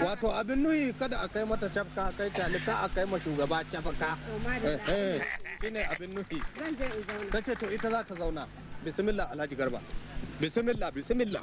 wato abin nuhi kada a kai mata cafka kai talika a kai ma shugaba cafka eh, eh, ne abin nuhi ta ce to ita za ta zauna bismillah alhaji garba bismillah bismillah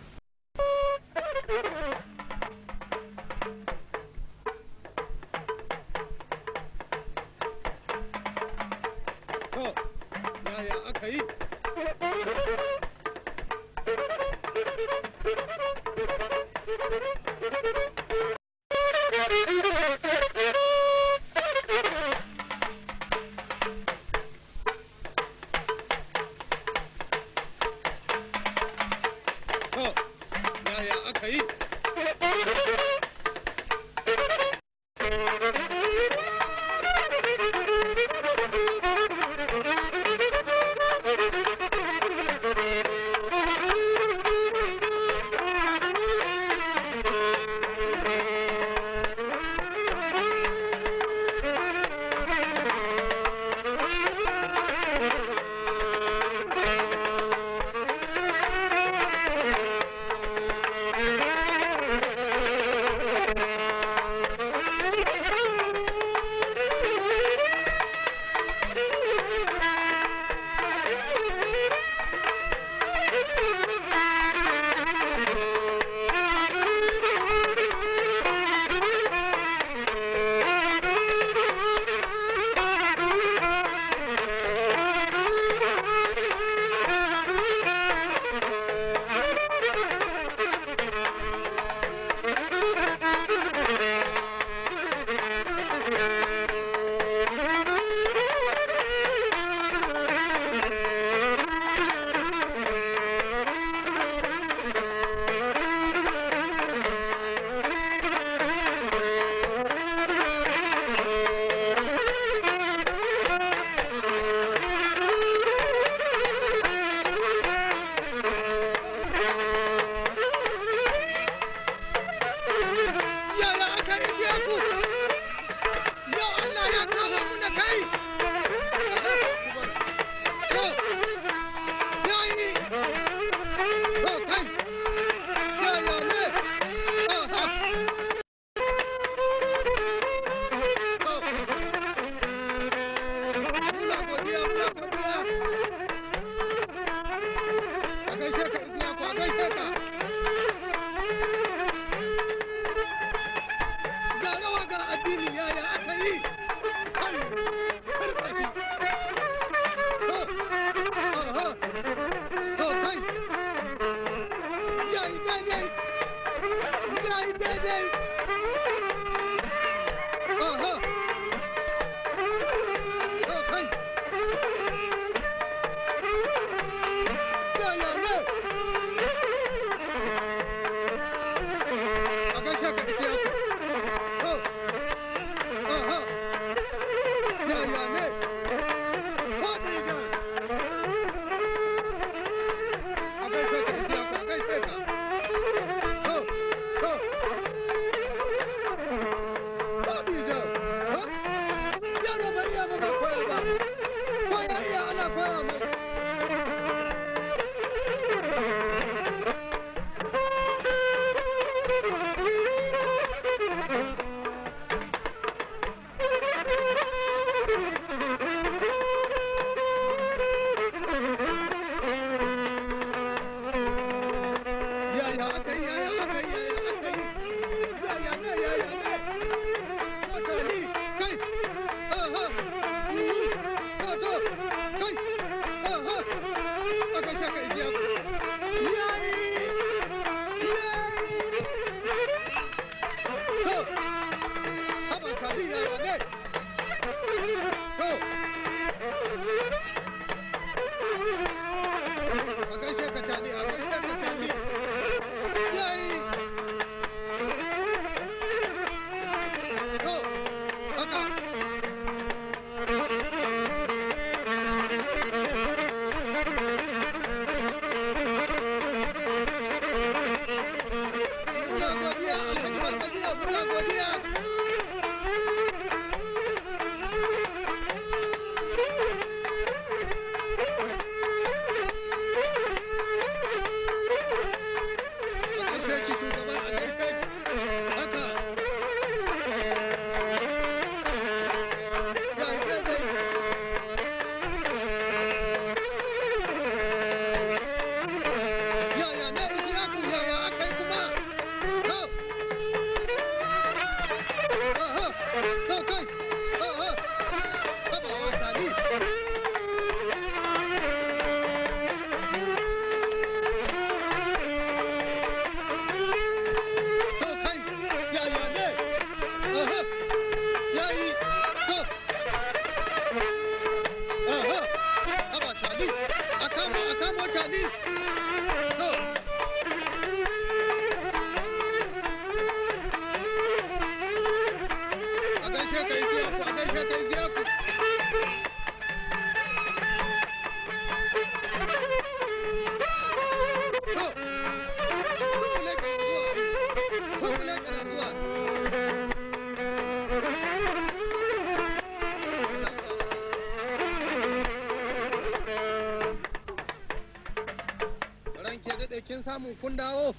kun dawo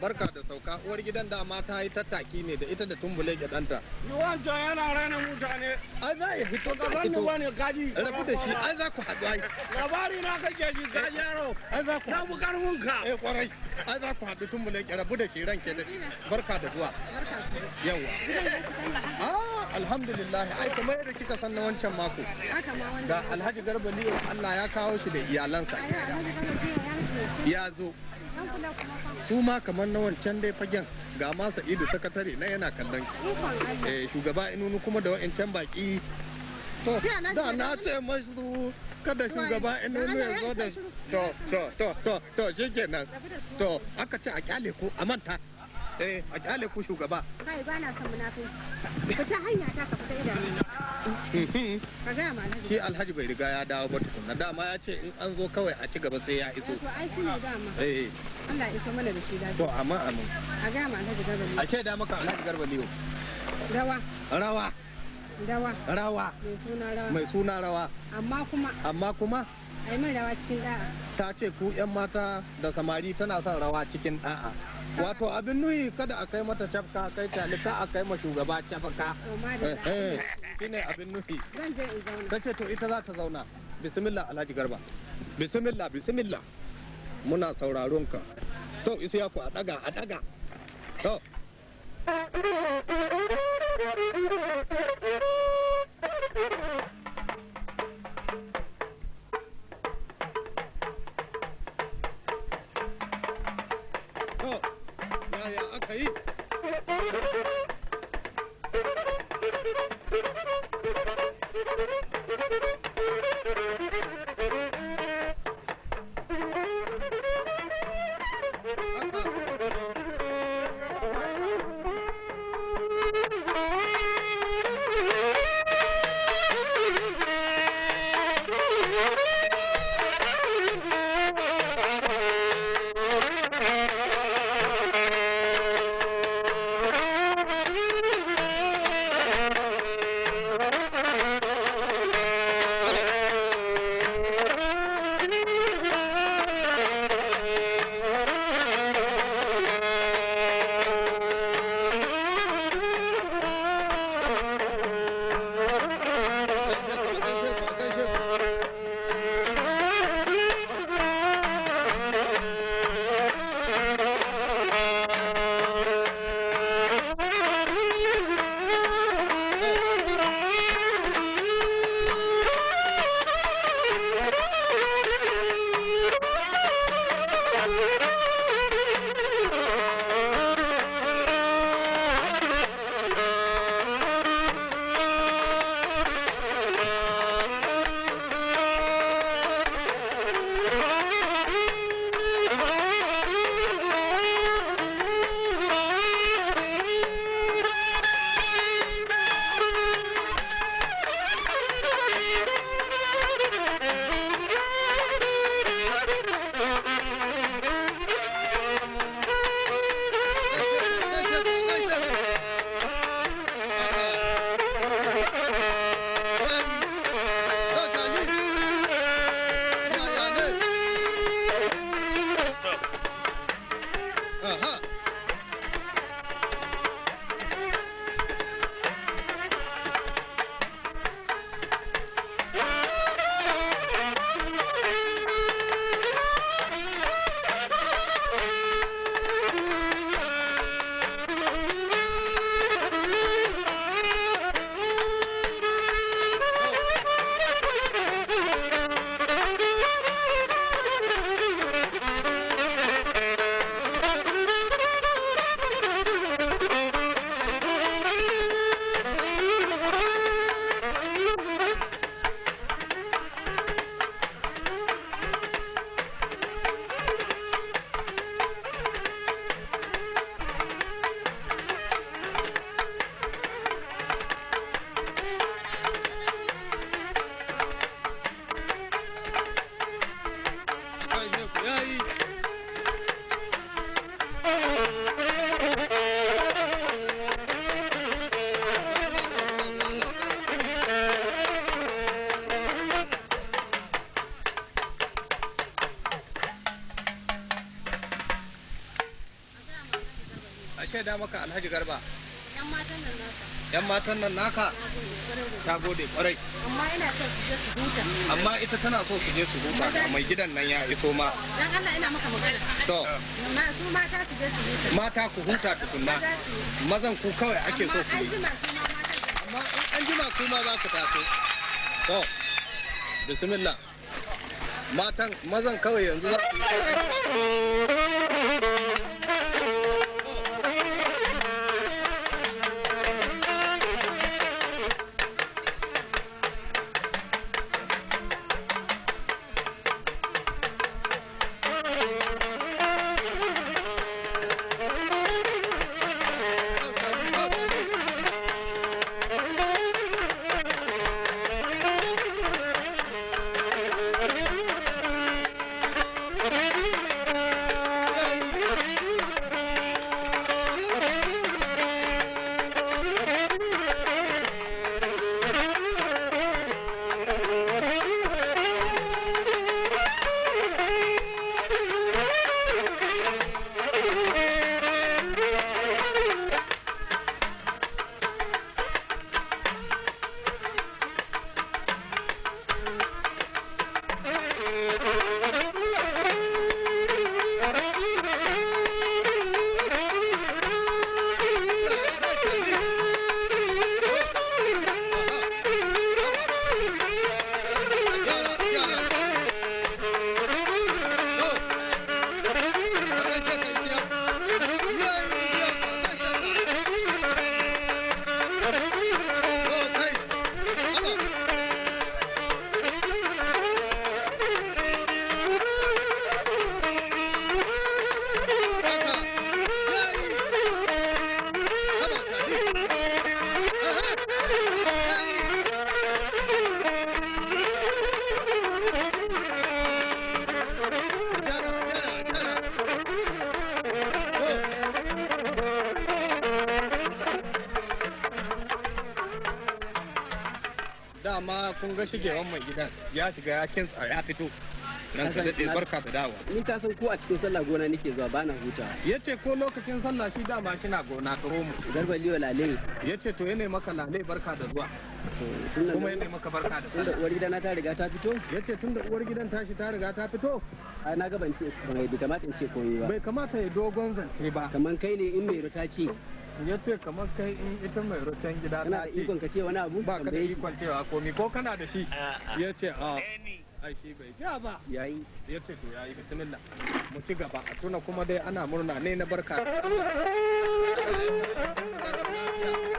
barka da sauka uwar gidan da ma ta yi tattaki ne da ita da tumbule ke danta Yuwan can yana rana mutane. Ai za ya fito ka fito. ne gaji. Rabu da shi ai za ku haɗu ai. Labari na kake ji gaji yaro. Ai za ku. Na bu karfin ka. Eh kwarai. Ai za ku haɗu tumbule ke rabu da shi ran ke barka da zuwa. yawa Ah alhamdulillah ai kamar yadda kika san na wancan mako. Da Alhaji Garba Liyo Allah ya kawo shi da iyalansa. Ya zo. su ma kamar na wancan dai fagen ga ma sa'idu sakatare na yana kallon eh, shugaba inunu kuma da wa'ancan baki to da na ce masu kada shugaba inunu ya zo da to to to to to shi nan to aka ce a kyale ku a manta eh a kyale ku shugaba kai ba na munafi ka ta hanya ta ka fita idan shi alhaji bai riga ya dawo ba tukunna dama ya ce in an zo kawai a ci gaba sai ya iso eh, to ai shine dama eh Allah ya iso mana da shi lafiya to amma amin a ga ma alhaji garba a ce da maka alhaji garba ne rawa rawa rawa rawa mai suna rawa mai suna rawa amma kuma amma kuma ai mai rawa cikin da'a ta ce ku yan mata da samari tana son rawa cikin da'a wato abin nuhi kada a kai mata cafka kai talika a kai ma shugaba cafka eh, eh, shine abin nuhi ta ce to ita za ta zauna bismillah alhaji garba bismillah bismillah muna sauraron ka to isu ya ku a daga a daga to Oh. सही Thank you. da maka alhaji garba yan matan nan naka yan matan nan naka ta gode kwarai amma ina so su je su huta amma ita tana so su je su huta ga mai gidan nan ya iso ma dan Allah ina maka magana to su mata su je su huta mata ku huta tukunna mazan ku kawai ake so ku yi amma an jima ku ma za ku taso to bismillah matan mazan kawai yanzu za ku yi kun ga shigewan mai gidan ya shiga ya kintsa ya fito nan ka daɗe barka da dawa ni ta san ko a cikin sallah gona nake zuwa ba na hutawa yace ko lokacin sallah shi dama na gona ka romu garba liyo lale yace to yanayi maka lale barka da zuwa kuma yanayi maka barka da sallah uwar gidana ta riga ta fito yace tunda uwar gidan tashi ta riga ta fito ai na gaban ce bai kamata in ce komai ba bai kamata ya dogon zance ba kaman kai ne in mai ruta ce ya ce kamar kai in ita mai rocen gida ta ce ikon ka ce wani abu ba ka da ikon cewa komi ko kana da shi ah, ah. ya ce a ah, ai shi bai ja ba yayi ya ce to yayi bismillah mu ci gaba a tuna kuma dai ana murna ne na barka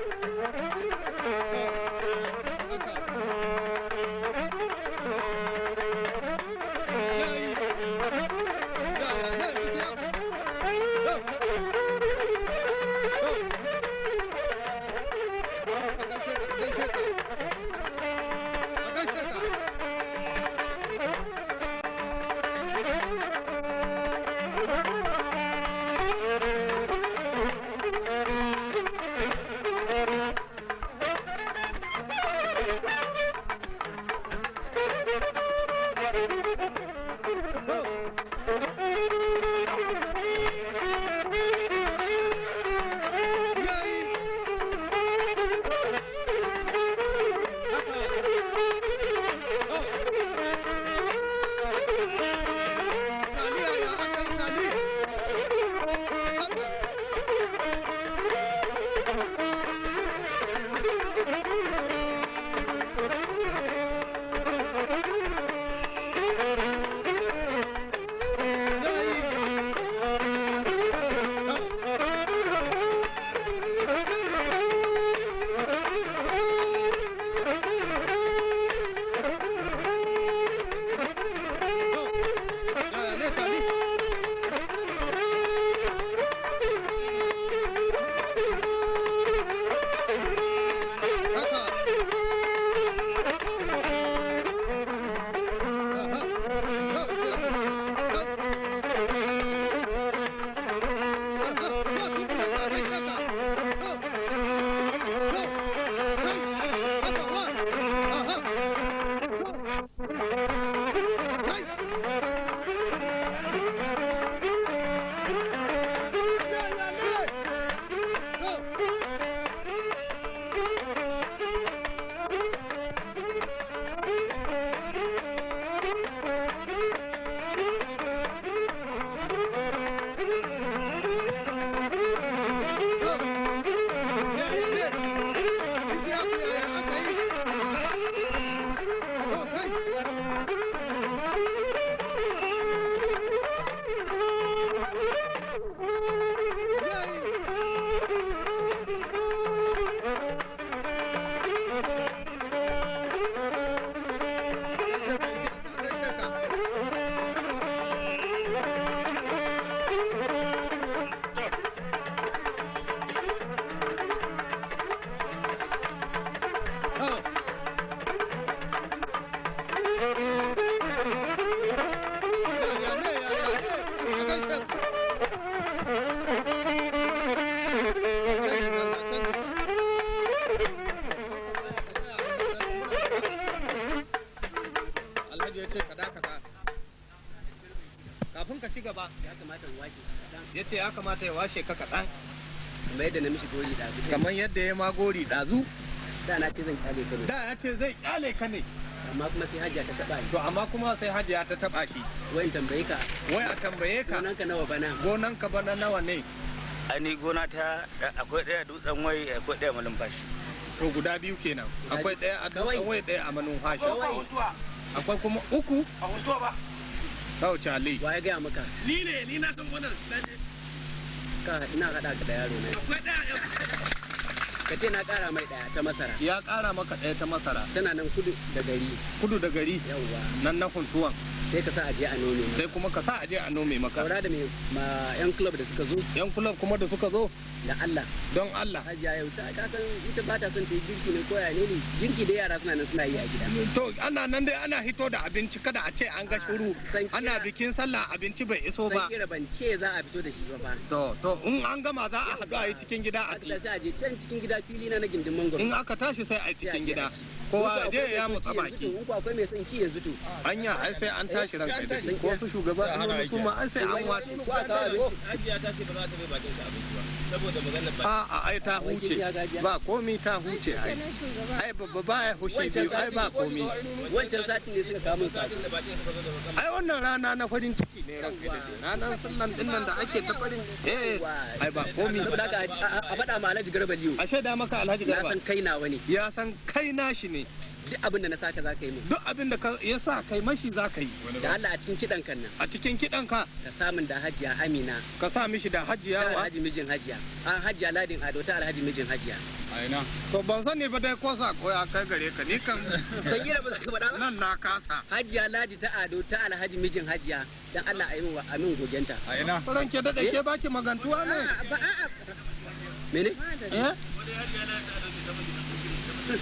ce ya kamata ya washe ka kaɗan kamar yadda na mishi gori ɗazu kamar yadda ya ma gori ɗazu da na ce zan kyale ka ne da na ce zai kyale ka ne amma kuma sai hajiya ta taɓa shi. to amma kuma sai hajiya ta taɓa shi wai tambaye ka wai a tambaye ka gonan ka nawa bana gonan ka bana nawa ne ani gona ta akwai daya dutsen wai akwai daya malumfashi to guda biyu kenan akwai ɗaya a dutsen wai ɗaya a malumfashi akwai kuma uku a hutuwa ba Kau Charlie. Wa ya gaya maka? Ni ne, ni na san wannan. ina haɗa ka da yaro ne ka ce na ƙara mai ɗaya ta masara ya kara maka ɗaya ta masara tana nan kudu da gari kudu da gari yawwa nan na huntuwan sai ka sa a je a nome sai kuma ka sa a je a nome maka saura da ma yan club da suka zo yan club kuma da suka zo da Allah don Allah hajiya yau ta ka san ita ba ta son ta yi girki ne ko ya ne ne girki da yara suna nan suna yi a gida to ana nan dai ana hito da abinci kada a ce an ga ah, shuru ana bikin sallah abinci bai iso ba sai ban ce za a fito da shi ba to to in an gama za a haɗu a yi cikin gida a ce a je can cikin gida fili na na gindin mangoro in aka tashi sai a yi cikin gida kowa je ya mutsa baki akwai mai son ci ya zuto anya ai sai an ta tashi ranka da ko su shugaba an kuma an sai an ta ajiya ta ce ba za ta bai bakin shi abinci ba saboda ba a ai ta huce ba komi ta huce ai ai babba ba ya hushe biyu ai ba komi wancan sati ne suka kama ai wannan rana na farin ciki ne ranka da ranar sallan din nan da ake ta farin eh ai ba komi saboda a faɗa ma Alhaji Garba Liyo a shaida maka Alhaji Garba ya san kai nawa ya san kai nashi ne duk abin da na ka za ka yi min duk abin da ya sa kai mashi za ka yi da Allah a cikin kidan kan nan a cikin kidan ka ka samun da hajiya amina ka sa mishi da hajiya wa alhaji mijin hajiya an hajiya ladin ado ta alhaji mijin hajiya aina to ban sani ba dai ko sa ya kai gare ka ni kan san gida ba ka bada nan na kasa hajiya ladi ta ado ta alhaji mijin hajiya dan Allah a yi wa amin gogenta aina ran eh? ke dade ke baki magantuwa ne ba a'a mene eh A'a,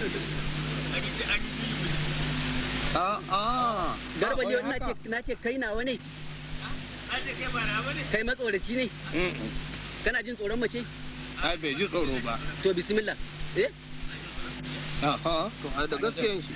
ah, ah. garba oh, yau ah, na ce kai nawa ne? Kai matsoraci ne? Mm. Kana jin tsoron mace? Ai bai ji tsoro ba. To bismillah. Eh? Aha, to da gaskiyan shi.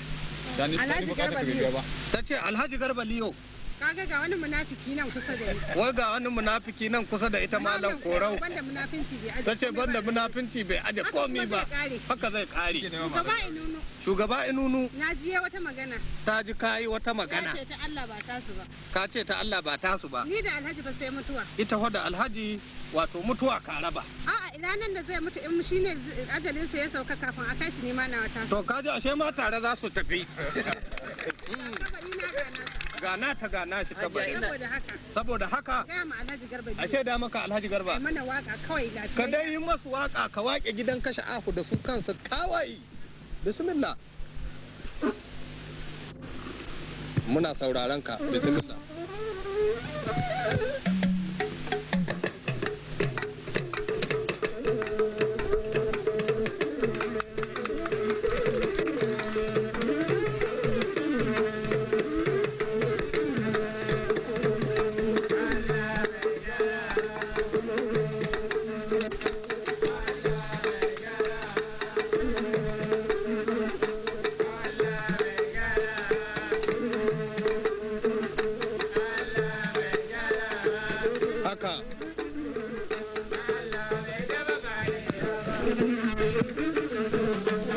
Alhaji Garba Liyo. Ta ce Alhaji Garba Liyo. kaga ga wani munafiki nan kusa da ita wai ga wani munafiki nan kusa da ita malam korau banda munafinci bai aje ta ce banda munafinci bai aje komi ba haka zai kare shugaba inunu shugaba inunu na ji wata magana ta ji kayi wata magana ka ce ta Allah ba tasu ba ka ce ta Allah ba tasu ba ni da alhaji ba sai mutuwa ita fa da alhaji wato mutuwa ka raba a'a ranan da zai mutu in shine ajalin sa ya sauka kafin a kai shi ne ma na wata to kaji ashe ma tare za su tafi gana ta gana shi ta bari saboda haka ashe da maka alhaji garba ka dai yi masu waka ka wake gidan kashe ahu da su kansu kawai bismillah muna sauraron ka bismillah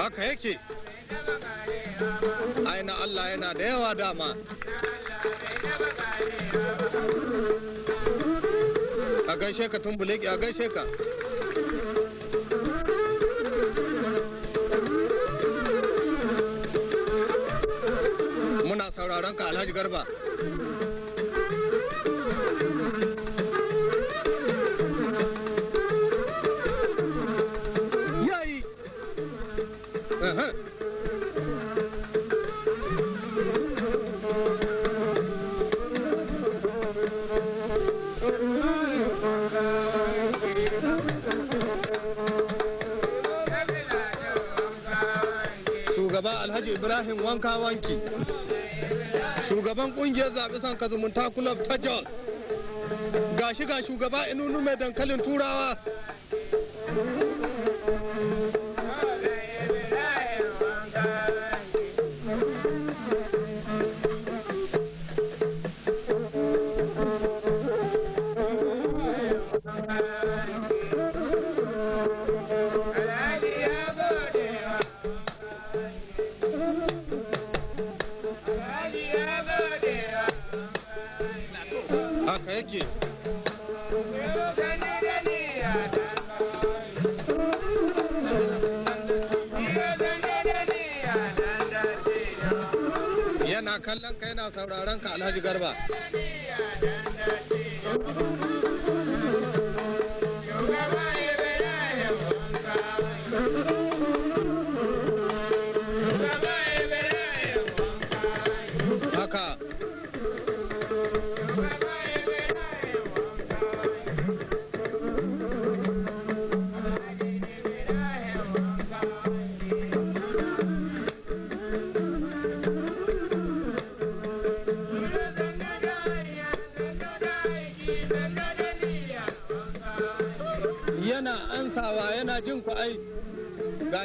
haka yake aina Allah yana da yawa dama a gaishe ka tumbuleki a gaishe ka muna sauraron ka alhaji garba ibrahim wanka wanki shugaban kungiyar zaɓi son kazumunta club ta jos gashi ga shugaba inunu mai dankalin turawa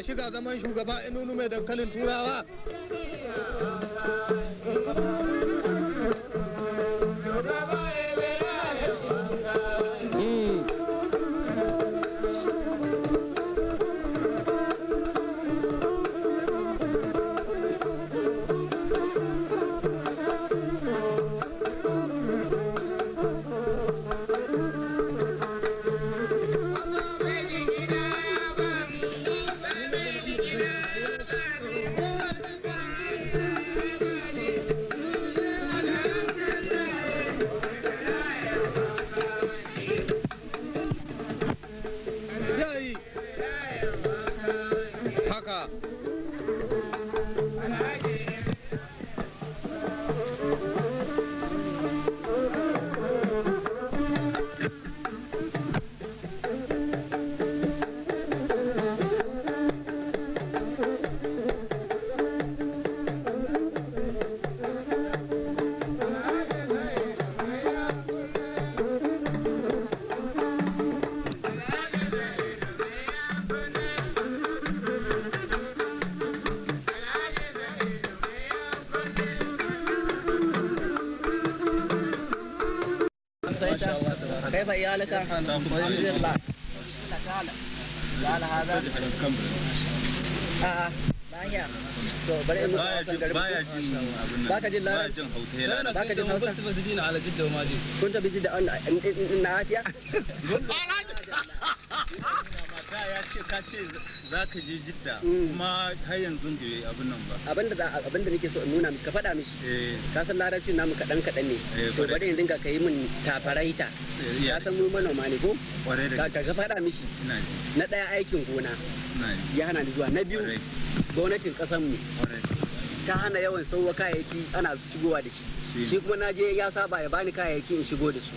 shiga zaman shugaba inunu mai dankalin turawa وعصيت كيف عيالك الحمد لله تعال تعال هذا آه, آه. ما هي ذاك ما لا ذاك جد كنت بجد أنا عافية ce ka ce za ka je jidda mm. kuma har yanzu da yi abin nan ba abinda za abinda nake so in nuna ka faɗa mishi eh. ka san larabci namu kaɗan kaɗan ne eh, to bari yanzu ka yi min tafaraita eh, ka san mu manoma ne ko ka ka faɗa mishi na ɗaya aikin gona ya hana ni zuwa na biyu gwamnatin ƙasar mu ta hana yawan sauwa kayayyaki ana shigowa da shi shi kuma na je ya saba ya bani kayayyaki in shigo da su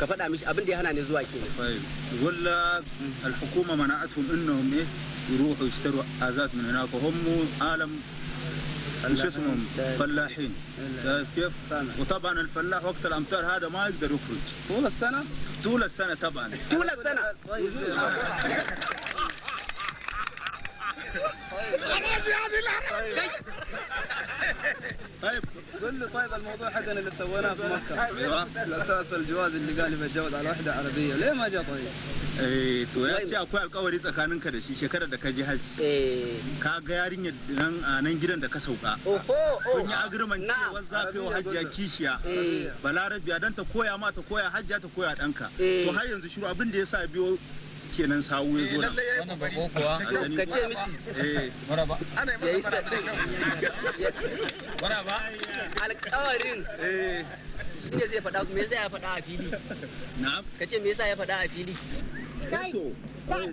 ka faɗa mishi abin da ya hana ni zuwa الحكومه منعتهم انهم يروحوا يشتروا اذات من هناك وهم عالم شو اسمهم فلاحين كيف؟ وطبعا الفلاح وقت الامطار هذا ما يقدر يخرج طول السنه؟ طول السنه طبعا طول السنه قل لي طيب الموضوع حقنا اللي سويناه في مكه الاساس الجواز اللي قال لي بتجوز على واحده عربيه ليه ما جا طيب؟ eh to ya ce akwai alkawari tsakaninka da shi shekarar da ka je hajji ka ga yarinyar nan a nan gidan da ka sauka kun yi agreement cewa za ka yi wa hajjiya kishiya balarabiya dan ta koya ma ta koya hajjiya ta koya danka to har yanzu shiru abin da ya sa biyo kenan sawu ya zo nan eh, wannan ba ko kuwa ka ce miki eh ba ana yi ba ba alƙawarin eh shi ne zai faɗa me zai ya faɗa a fili na'am ka ce me yasa ya faɗa a fili kai eh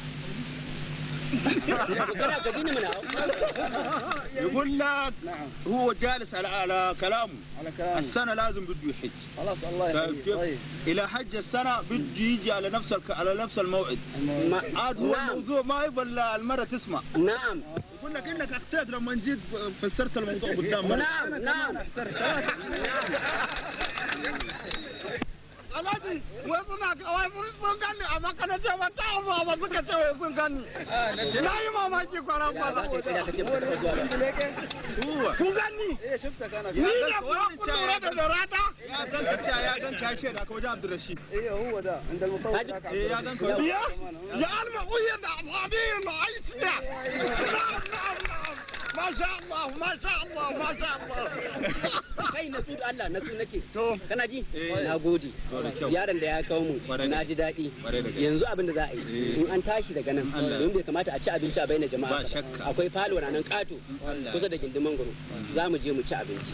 يقول لك هو جالس على على كلامه على كلامه السنه لازم بده يحج خلاص الله يحفظك طيب الى حج السنه بده يجي على نفس الك... على نفس الموعد عاد هو نعم. الموضوع ما يبغى المره تسمع نعم يقول لك انك اخطيت لما نجيت فسرت الموضوع قدام نعم نعم نعم alhaji wai suna wai sun gani a maka na ce ban ta'a mu ba suka ce wai sun gani na yi mamaki kwara kwara ku gani eh, ni ne kuwa ku tura da dorata ya dan tafiya ya dan tashi eh, da kuma jihar Abdurrashid eh yawa da inda mu kawo ya dan ya ya alma da da na'am na'am na'am ma sha Allah Allah kai na tsudu Allah na tsudu nake to kana ji eh. na gode yaron da ya kawo mu na ji daɗi yanzu abin da za a yi eh. in an tashi daga nan don bai kamata a ci abinci a bayyana jama'a akwai falo nan kato kusa da gindin mangoro mm. za mu je mu ci abinci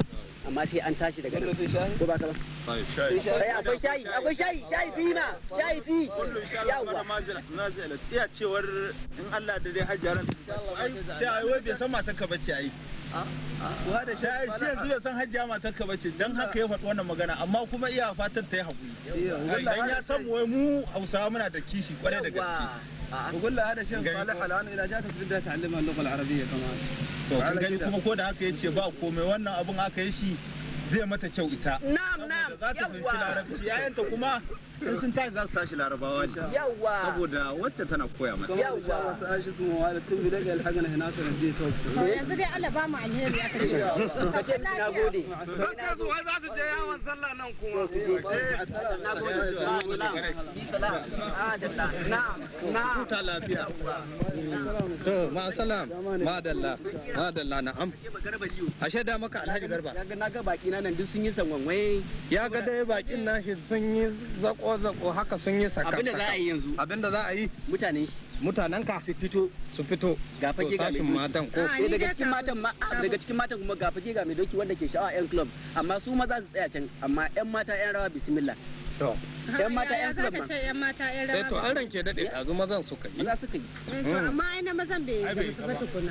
amma sai an tashi daga nan ko ba ka ba sai akwai shayi akwai shayi shayi fi ma shayi fi yawa nazila tiya cewar in Allah da dai hajjaran ai shayi wai bai san matar ka bace ai Wa da shayi shi yanzu bai san hajjiya matar ka bace dan haka ya faɗi wannan magana amma kuma iya fatan ta yi haƙuri dan ya san wai mu Hausawa muna da kishi kwarai da gaske وقول له هذا شيء صالح الان اذا جاتك بدها تعلمها اللغه العربيه كمان gani kuma ko da haka ya ce ba komai wannan abun aka yi shi zai mata kyau ita na'am na'am za ta fahimci larabci yayanta kuma in sun tashi za su tashi larabawa ne yawa saboda wacce tana koya mata yawa wasu tun daga alhagan hina ta rabbi ta wasu yanzu dai Allah ba mu alheri ya karshe ka ce na gode ka zo za su je yawon sallah nan kuma eh, na gode salam adalla na'am ta lafiya to ma salam ma dalla ma dalla ashe da maka alhaji garba na ga baki na nan duk sun yi sanwanwaye ya ga dai bakin nashi sun yi zako zako haka sun yi saka abinda za a yi yanzu abinda za a yi mutane mutanen ka su fito su fito ga fage ga mai matan ko ah, daga cikin matan ma ah, daga cikin matan kuma ga fage ga mai doki wanda ke sha'awa yan club amma su maza su tsaya can amma yan mata yan rawa bismillah to yan mata yan club ma yan mata yan eh, to an ranke dade dazu eh? mazan suka yi maza suka yi eh, hmm. amma ai na mazan bai su ba tukuna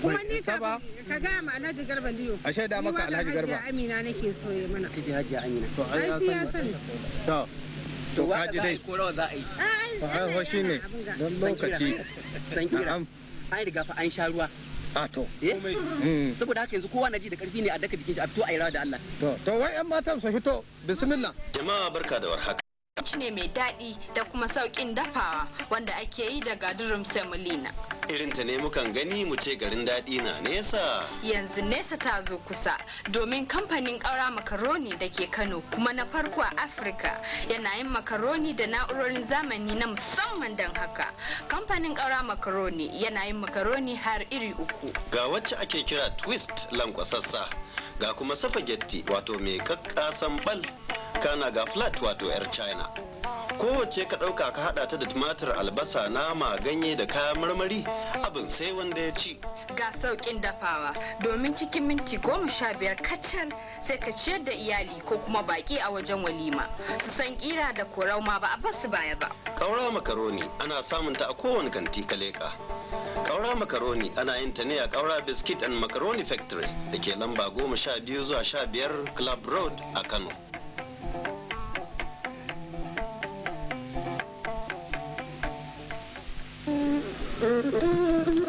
kuma ni ka ka ga ma Alhaji Garba Liyo a shaida maka Alhaji Garba Amina nake so ya mana Amina to ai ya sani to to kaji dai ko rawa za a yi ai ho shine don lokaci na'am ai riga fa an sha ruwa a ah, to eh? mm. saboda haka yanzu kowa na ji da karfi ne a daka jikin shi a fito a yi da Allah to to wai yan matan su fito bismillah jama'a barka da warhaka ne mai daɗi da kuma sauƙin dafawa wanda ake yi daga durum semolina irin ta ne mukan gani mu ce garin daɗi na nesa yanzu nesa ta zo kusa domin kamfanin ƙaura makaroni da ke kano kuma na farko a afirka yana yin makaroni da na'urorin zamani na musamman don haka kamfanin ƙaura makaroni yana yin makaroni har iri uku ga wacce ake kira twist lankwasassa ga kuma safagetti wato mai kakkasan bal kana ga flat wato 'yar china kowace ka ɗauka ka haɗa ta da tumatir albasa nama ganye da kayan marmari abin sai wanda ya ci ga sauƙin dafawa domin cikin minti goma sha biyar kacal sai ka ciyar da iyali ko kuma baƙi a wajen walima su san ƙira da korau ma ba a basu baya ba ƙaura makaroni ana samun ta a kowane kanti ka leƙa ƙaura makaroni ana yin ta ne a ƙaura biscuit and macaroni factory da ke lamba goma sha biyu zuwa sha biyar club road a kano Mm-hmm.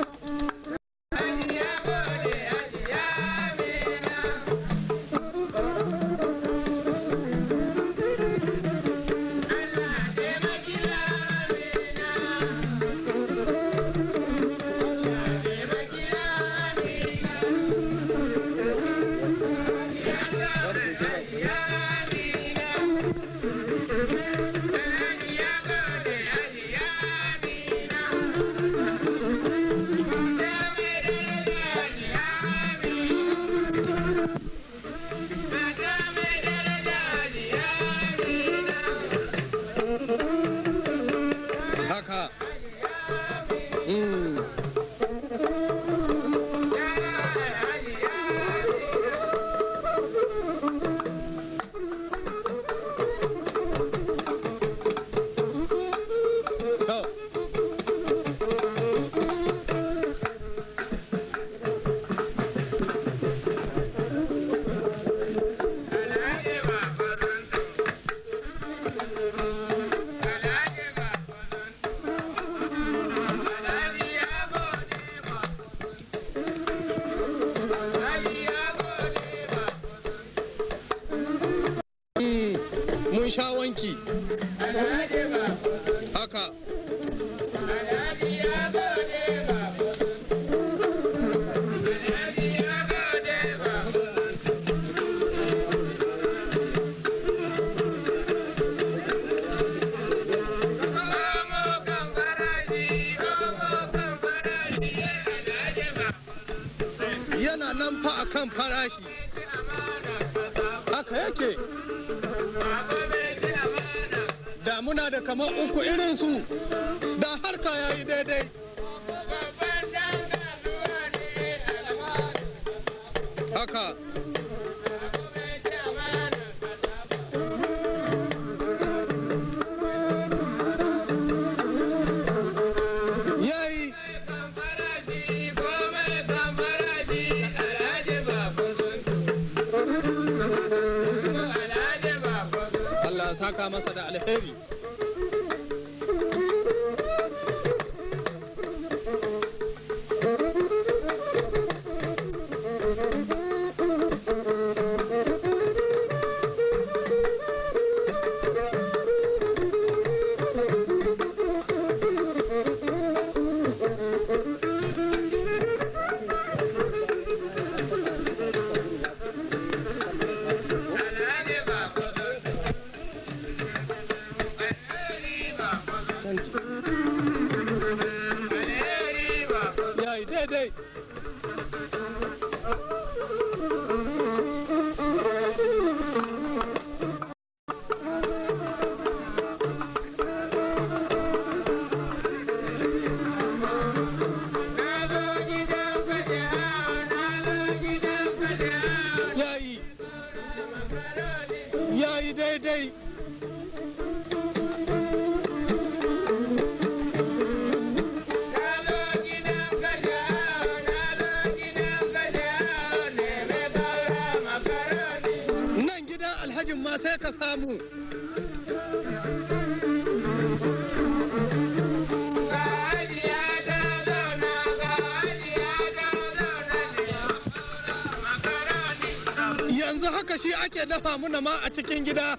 samu nama a cikin gida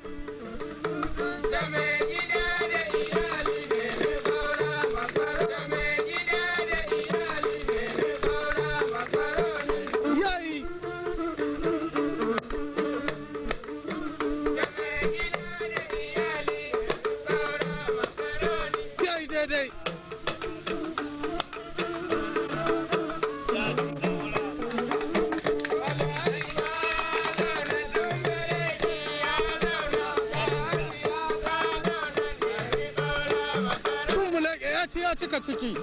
cika ciki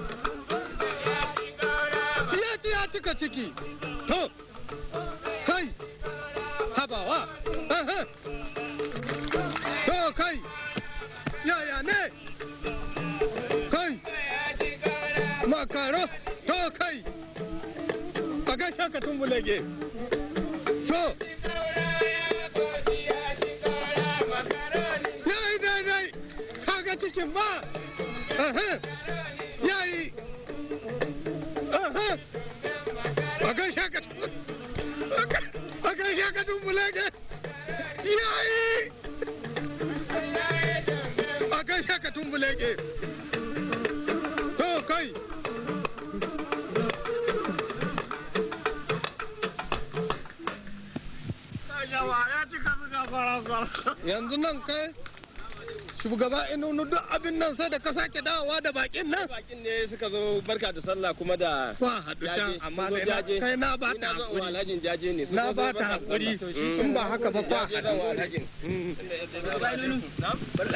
yaji ya cika ciki to kai habawa to kai yaya ne kai makaro to kai a gaishe ka tumbulege to cikin ba اگا شاکت اگا شاکت بلا گئے اگا شاکت بلا گئے تو کئی yanzu nan kai shugaba nu duk abin nan sai da ka sake dawowa da bakin nan bakin ne suka zo barka da sallah kuma da wa hadu can amma na kai na ba ta hakuri alhajin jaje ne na ba ta hakuri in ba haka ba kwa hadu barka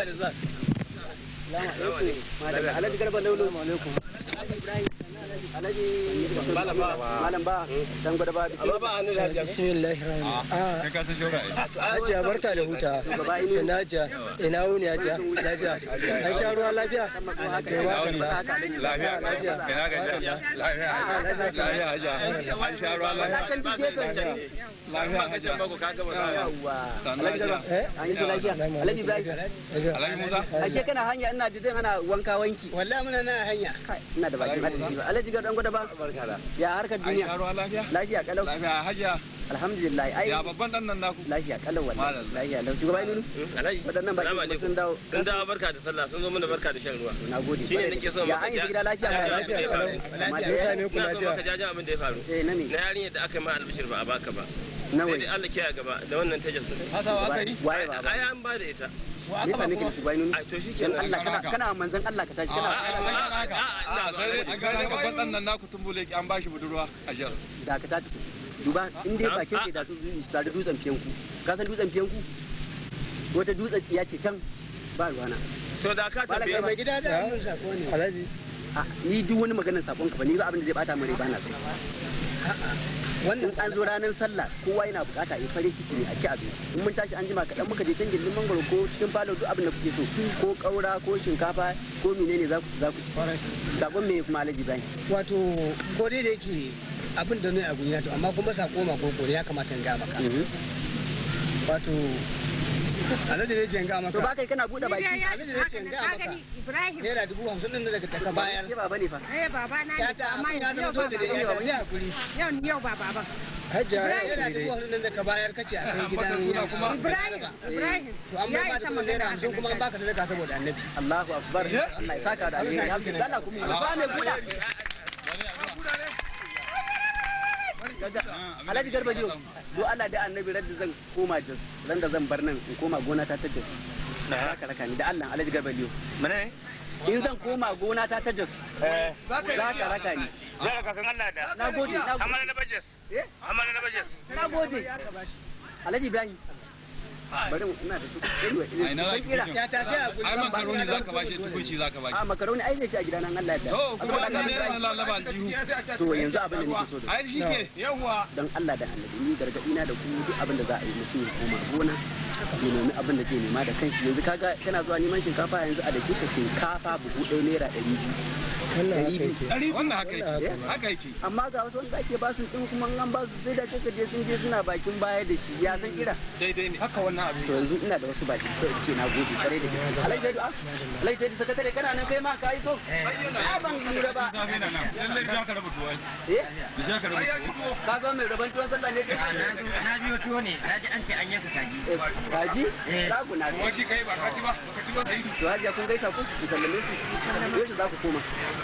da sallah alhaji garba laulu alhaji ah. da huta ba musa ashe kana hanya ina ji hana wanka wanki wallahi muna na hanya ina da alhaji ga dan gwada ba ya harkar duniya lafiya lafiya kalau lafiya hajiya alhamdulillah ai ya babban dan nan naku lafiya kalau wallahi lafiya lau shugaba ilimi eh, alai wadannan baki sun dawo sun dawo barka da sallah sun zo mana barka da shan ruwa nagode shine nake so ya an yi gida lafiya ba lafiya kalau amma da ya ne ku lafiya ka jaji abin da ya faru eh na ne na yarinya da aka yi ma albishir ba a baka ba nawa ne Allah kiyaye gaba da wannan tajassus hasawa aka yi waye ba ai an ba da ita wa aka ba kuma to shikenan Allah kana kana manzon Allah ka tashi kana a a ga ga batsan budurwa a jar da ka tashi duba in dai bakin ke da su dutsen fiyanku ka san dutsen fiyanku wata dutsen tsiya ce can ba ruwana to da ka tafi mai gida da hannun sako ne alhaji ni duk wani maganar sakon ka ba ni ba abin da zai bata mare ba na so wannan an zo ranar sallah kowa yana bukata ya fare ciki ne a ci abinci in mun tashi an jima kaɗan muka je can gindin mangoro ko cikin falo duk abin da kuke so ko ƙaura ko shinkafa ko menene za ku za ku ci sakon mai kuma alaji bayan wato gode da yake abin da ne a guniya to amma kuma sako ma ko ya kamata in ga maka mhm. wato alhaji ne jenga maka to ba kai kana bude baki alhaji ne jenga maka ibrahim naira dubu hamsin daga bayar amma ba ne ya hakuri yau yau ba hajja daga bayar kace a kai gidan ibrahim eh, ibrahim to amma ba naira hamsin kuma ba ka saboda annabi allahu akbar allah ya saka da alheri kuma ba ne buda Alhaji Garba Jiyo, do Allah da annabi radda zan koma Jos. ran da zan bar nan in koma gona ta ta jos na eh? haka raka ni da Allah Alhaji Garba mene in zan koma gona ta ta jos eh. za ka raka ni za ka san Allah da na gode na gode amana na bajes eh amana na bajes na gode Alhaji Ibrahim bari ina da ai zaka a makaroni ai zai ci a gida Allah ya kuma da ne na jihu to yanzu abin da nake so da ai shike yawa dan Allah da annabi ni gargadi na da ku duk abin da za a yi mutum ya koma gona ya nemi abin da nema da kanshi yanzu kaga kana zuwa neman shinkafa yanzu a da kika shinkafa buhu ɗaya naira ɗari biyu wannan haka yake haka yake amma ga wasu wanda ake ba su din kuma an ba su sai da kake je sun je suna bakin baya da shi ya san kira daidai ne haka wannan abin to yanzu ina da wasu baki sai ce na gode kare da gaske alhaji dadu alhaji ah, dadu sakatare kana nan kai ma ka yi to a ban lura ba lalle eh? ja ka raba tuwai eh ja ka raba ka ga mai raban tuwon sallah ne kai na biyo tuwo ne na ji an ce an yanka kaji eh, kaji ragu eh. na wani kai ba ka ci ba ka ci ba to hajiya kun gaisa ku sallame su yau za ku koma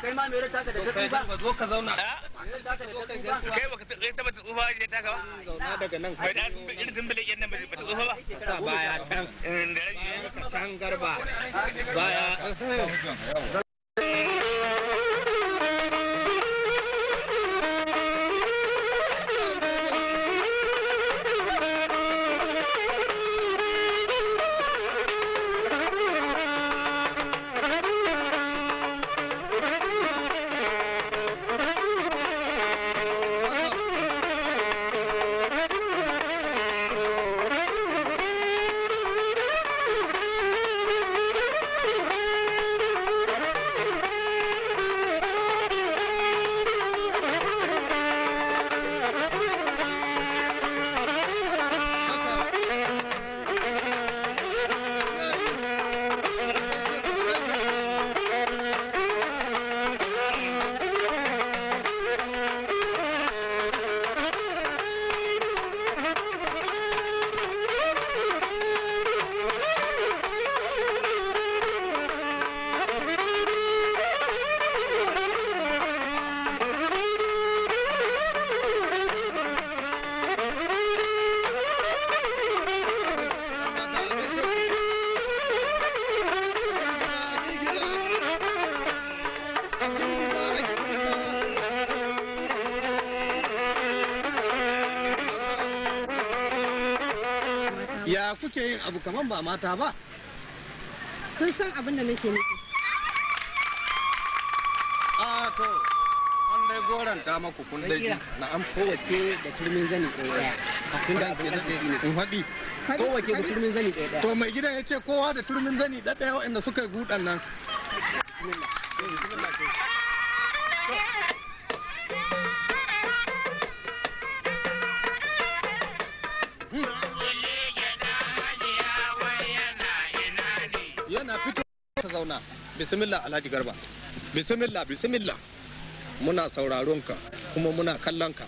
kai ma mere taka da ba zo ka zauna kai baka tsaye ta tsufa taka ba zauna daga nan kai da irin dimbile yan nan tsufa ba ta baya da rage can garba baya abu kamar ba mata ba kun san abin da nake nufi a to an dai goran ta maku kun dai na an kowace da turmin zani ɗaya kun da abin da ne in faɗi kowace da turmin zani ɗaya to mai gidan ya ce kowa da turmin zani ɗaya waɗanda suka yi gudan nan Thank you. zauna bismillah alhaji garba bismillah bismillah muna sauraron ka kuma muna kallon ka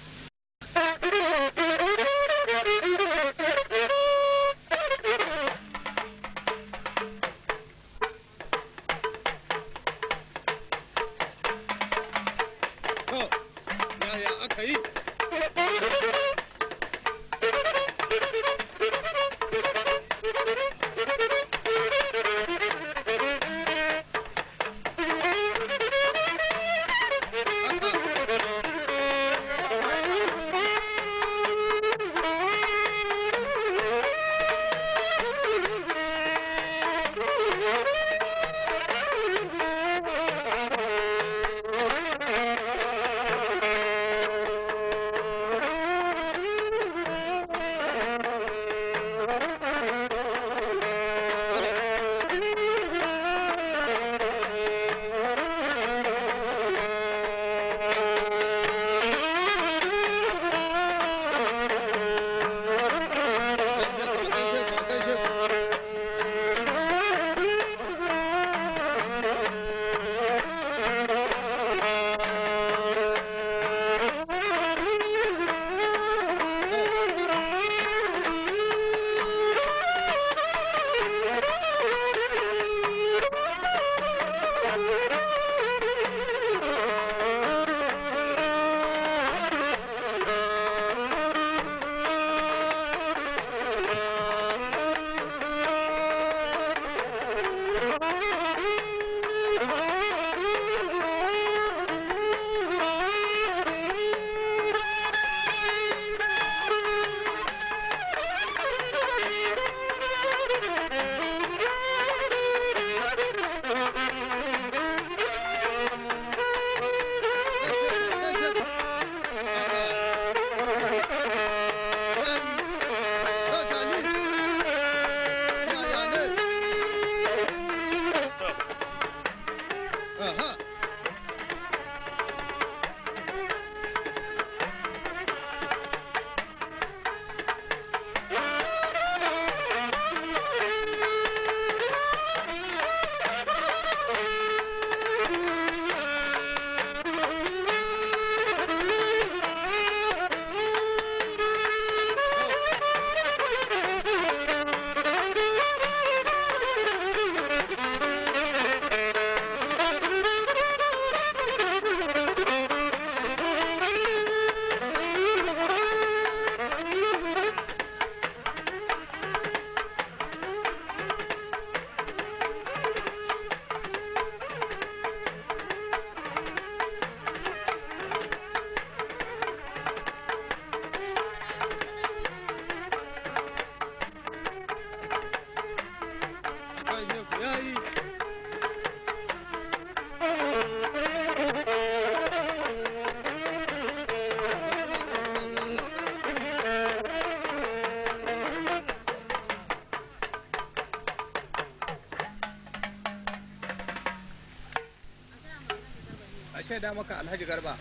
shaida maka alhaji garba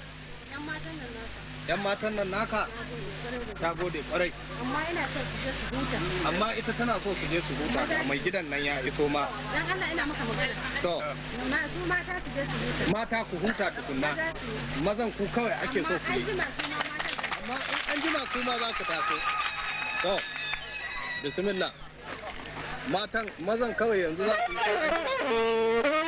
yan matan nan naka yan matan nan naka ta gode kwarai amma ina so su je su huta amma ita tana so su je su huta ga mai gidan nan ya iso ma dan Allah ina maka magana to ma su mata su je su huta mata ku huta tukunna mazan ku kawai ake so ku yi amma an jima ku ma za ku taso to bismillah matan mazan kawai yanzu za ku yi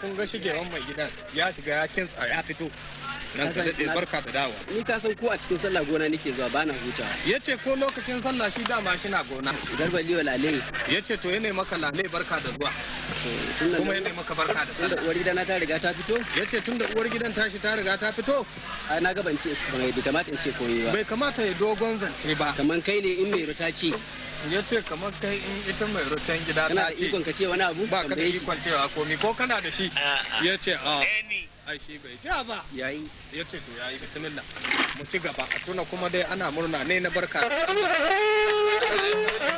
kun ga shigewan mai gidan ya shiga ya kintsa ya fito nan ka daɗe barka da dawa ni ka san ko a cikin sallah gona nake zuwa bana hutawa yace ko lokacin sallah shi dama shi na gona garba liwa lale yace to yana maka lale barka da zuwa kuma yana maka barka da sallah uwar gidana ta riga ta fito yace tunda uwar gidan tashi ta riga ta fito a na ga ban ce bai kamata in ce koyi ba bai kamata ya dogon zance ba kaman kai ne in mai rutaci ya ce kamar kai in ita mai rutan gida ta ce ikon ka ce wani abu ba ka da ikon cewa komi ko kana da shi ya ce a ah, ai shi bai ja ba yayi ya ce to yayi bismillah mu ci gaba a tuna kuma dai ana murna ne na barka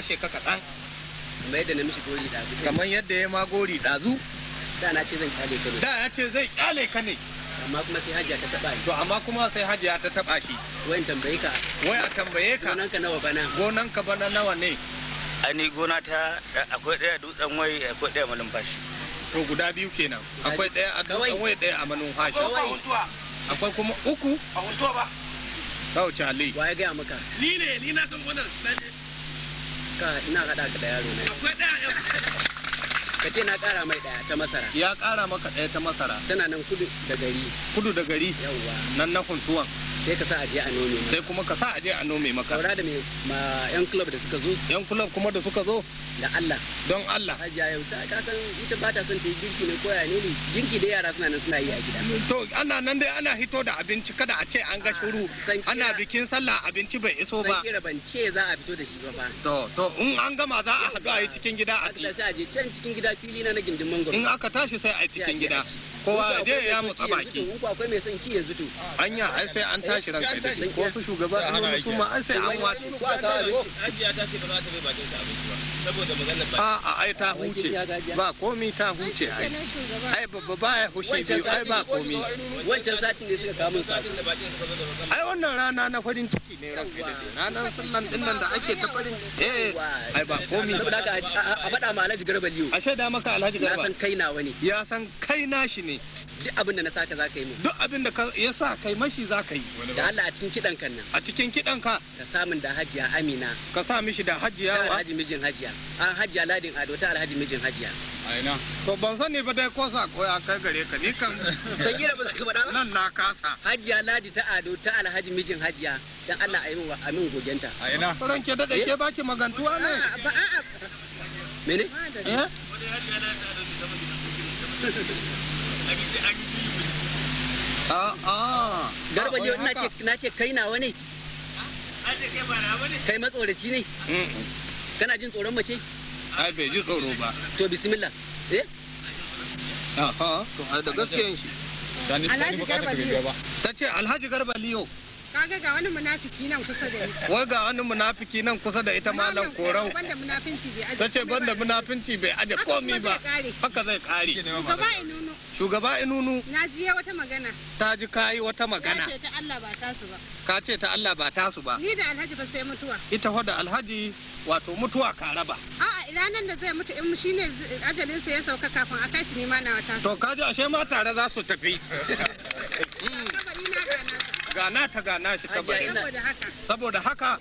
kwashe ka kaɗan kamar yadda na mishi gori ɗazu kamar yadda ya ma gori ɗazu da na ce zan kyale ka ne da ya ce zai kyale ka ne amma kuma sai hajiya ta taɓa shi to amma kuma sai hajiya ta taɓa shi wayan tambaye ka waya tambaye ka gonan ka nawa bana gonan ka bana nawa ne ani gona ta akwai ɗaya dutsen wai akwai ɗaya malumfashi to guda biyu kenan akwai ɗaya a dutsen wai ɗaya a malumfashi akwai kuma uku a huntuwa ba Kawo Charlie. waye gaya maka? Ni ne, ni na san gonar. ina haɗa ka da yaro na ka ce na ƙara mai ɗaya ta masara ya ƙara maka ɗaya ta masara tana nan kudu da gari kudu da gari yawwa nan na kuntuwan sai ka sa a je a nome sai kuma ka sa a je a nome maka saura da ma yan club da suka zo yan club kuma da suka zo da Allah don Allah hajiya yau ta ka san ita ba ta son ta yi girki ne ko ya ne ne girki da yara suna nan suna yi a gida to ana nan dai ana hito da abinci kada a ce an ga ah, shiru ana bikin sallah abinci bai iso ba sai ban ce za a fito da shi ba to to in an gama za a haɗu a yi cikin gida a ci sai a je can cikin gida fili na na gindin mangoro in aka tashi sai a yi cikin gida kowa je ya mutsa baki in akwai mai son ki yanzu to anya ai sai an ta tashi ranka da wasu ma an sai an wace ta ajiya ta ta bai bakin da abinci ba saboda maganar ba a ai ta huce ba komi ta huce ai babba ba ya hushe biyu ai ba komi wancan satin ne suka kamun sa ai wannan rana na farin ciki ne ranka da ranar sallan din nan da ake ta farin eh ai ba komi saboda a ma Alhaji Garba Liyo a shaida maka Alhaji Garba ya san kai nawa ne ya san kai nashi ne duk abin da na saka za ka yi min duk abin da ya sa kai mashi za ka yi da Allah a cikin kidan kan nan a cikin kidan ka ka samun da hajiya amina ka sa mishi da hajiya wa alhaji mijin hajiya an hajiya ladin ado ta alhaji mijin hajiya aina to ban sani ba dai ko sa ko ya kai gare ka ni kan san gida ba ba da nan na kasa hajiya ladi ta ado ta alhaji mijin hajiya dan Allah a yi wa amin gogenta aina ran ke dade ke baki magantuwa ne ba a mene eh garba yau na ce kai nawa ne kai matsoraci ne mm. kana jin tsoron mace ai bai ji tsoro ba to bismillah eh aha to da gaskiyan shi alhaji garba liyo ta ce alhaji garba liyo kaga ga wani munafiki nan kusa da ita wai ga wani munafiki nan kusa da ita malam korau banda munafinci bai aje tace banda munafinci bai aje komai ba haka zai kare shugaba inunu shugaba inunu na ji wata magana ta ji kayi wata magana ka ce ta Allah ba tasu ba ka ce ta Allah ba tasu ba ni da alhaji ba sai mutuwa ita hoda alhaji wato mutuwa ka raba a'a ranan da zai mutu in shine ajalin sa ya sauka kafin a kai shi ne ma na wata to kaji ashe ma tare za su tafi kabari na kana gana ta gana shi kabarin saboda haka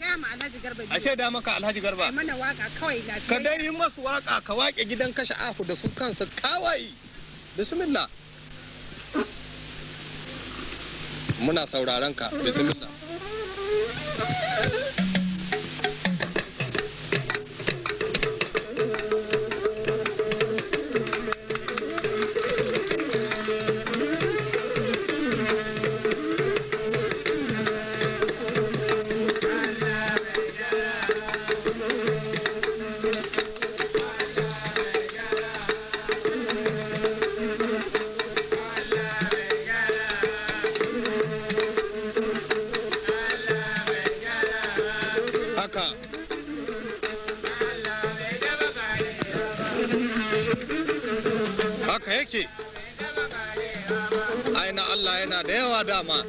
ashe da maka alhaji garba ka dai yi masu waka ka wake gidan kashe ahu da su kansu kawai bismillah muna sauraron ka bismillah yana da yawa dama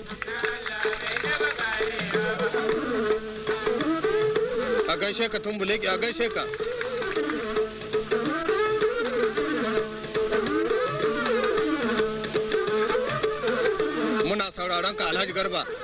a gaishe ka a gaishe ka muna sauraron ka alhaji garba